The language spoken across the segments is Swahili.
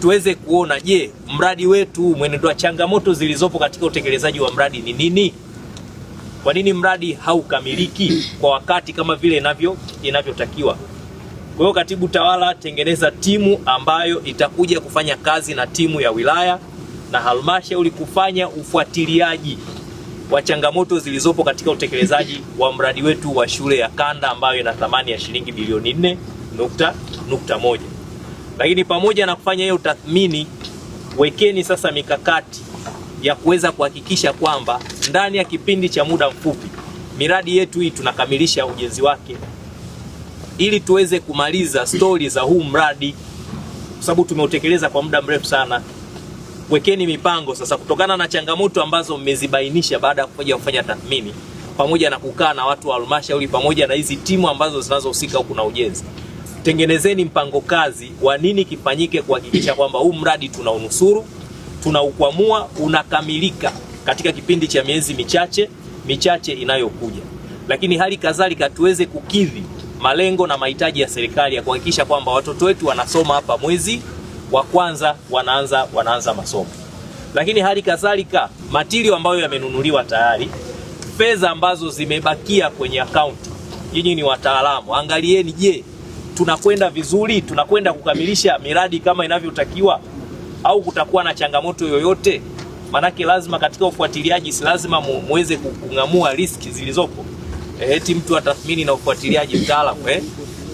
tuweze kuona, je, mradi wetu mwenendo wa changamoto zilizopo katika utekelezaji wa mradi ni nini? Kwa nini mradi haukamiliki kwa wakati kama vile inavyo inavyotakiwa? Kwa hiyo, katibu tawala, tengeneza timu ambayo itakuja kufanya kazi na timu ya wilaya na halmashauri kufanya ufuatiliaji wa changamoto zilizopo katika utekelezaji wa mradi wetu wa shule ya kanda ambayo ina thamani ya shilingi bilioni nne nukta nukta moja. Lakini pamoja na kufanya hiyo tathmini, wekeni sasa mikakati ya kuweza kuhakikisha kwamba ndani ya kipindi cha muda mfupi miradi yetu hii tunakamilisha ujenzi wake ili tuweze kumaliza stori za huu mradi, kwa sababu tumeutekeleza kwa muda mrefu sana. Wekeni mipango sasa, kutokana na changamoto ambazo mmezibainisha baada ya kuja kufanya tathmini pamoja na kukaa na watu wa halmashauri pamoja na hizi timu ambazo zinazohusika huku na ujenzi tengenezeni mpango kazi wa nini kifanyike kuhakikisha kwamba huu mradi tunaunusuru, tunaukwamua, unakamilika katika kipindi cha miezi michache michache inayokuja, lakini hali kadhalika tuweze kukidhi malengo na mahitaji ya serikali ya kuhakikisha kwamba watoto wetu wanasoma hapa mwezi wa kwanza wanaanza wanaanza masomo, lakini hali kadhalika matirio ambayo yamenunuliwa tayari, fedha ambazo zimebakia kwenye akaunti. Nyinyi ni wataalamu, angalieni, je tunakwenda vizuri, tunakwenda kukamilisha miradi kama inavyotakiwa, au kutakuwa na changamoto yoyote? Maanake lazima katika ufuatiliaji, si lazima muweze kung'amua riski zilizopo eh, eti mtu atathmini na ufuatiliaji mtaalamu eh?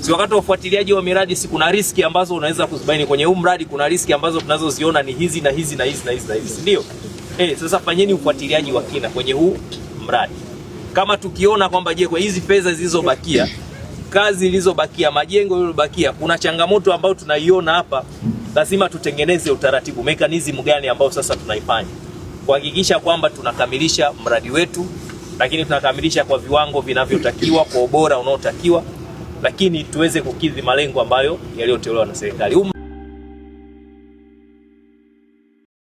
Si wakati wa ufuatiliaji wa miradi, si kuna riski ambazo unaweza kuzibaini kwenye huu mradi, kuna riski ambazo tunazoziona ni hizi na hizi na hizi na hizi na hizi, ndio eh? Sasa fanyeni ufuatiliaji wa kina kwenye huu mradi, kama tukiona kwamba je, kwa hizi fedha zilizobakia kazi zilizobakia, majengo yaliyobakia, kuna changamoto ambayo tunaiona hapa, lazima tutengeneze utaratibu, mekanizmu gani ambayo sasa tunaifanya kuhakikisha kwamba tunakamilisha mradi wetu, lakini tunakamilisha kwa viwango vinavyotakiwa, kwa ubora unaotakiwa, lakini tuweze kukidhi malengo ambayo yaliyotolewa na serikali. Um-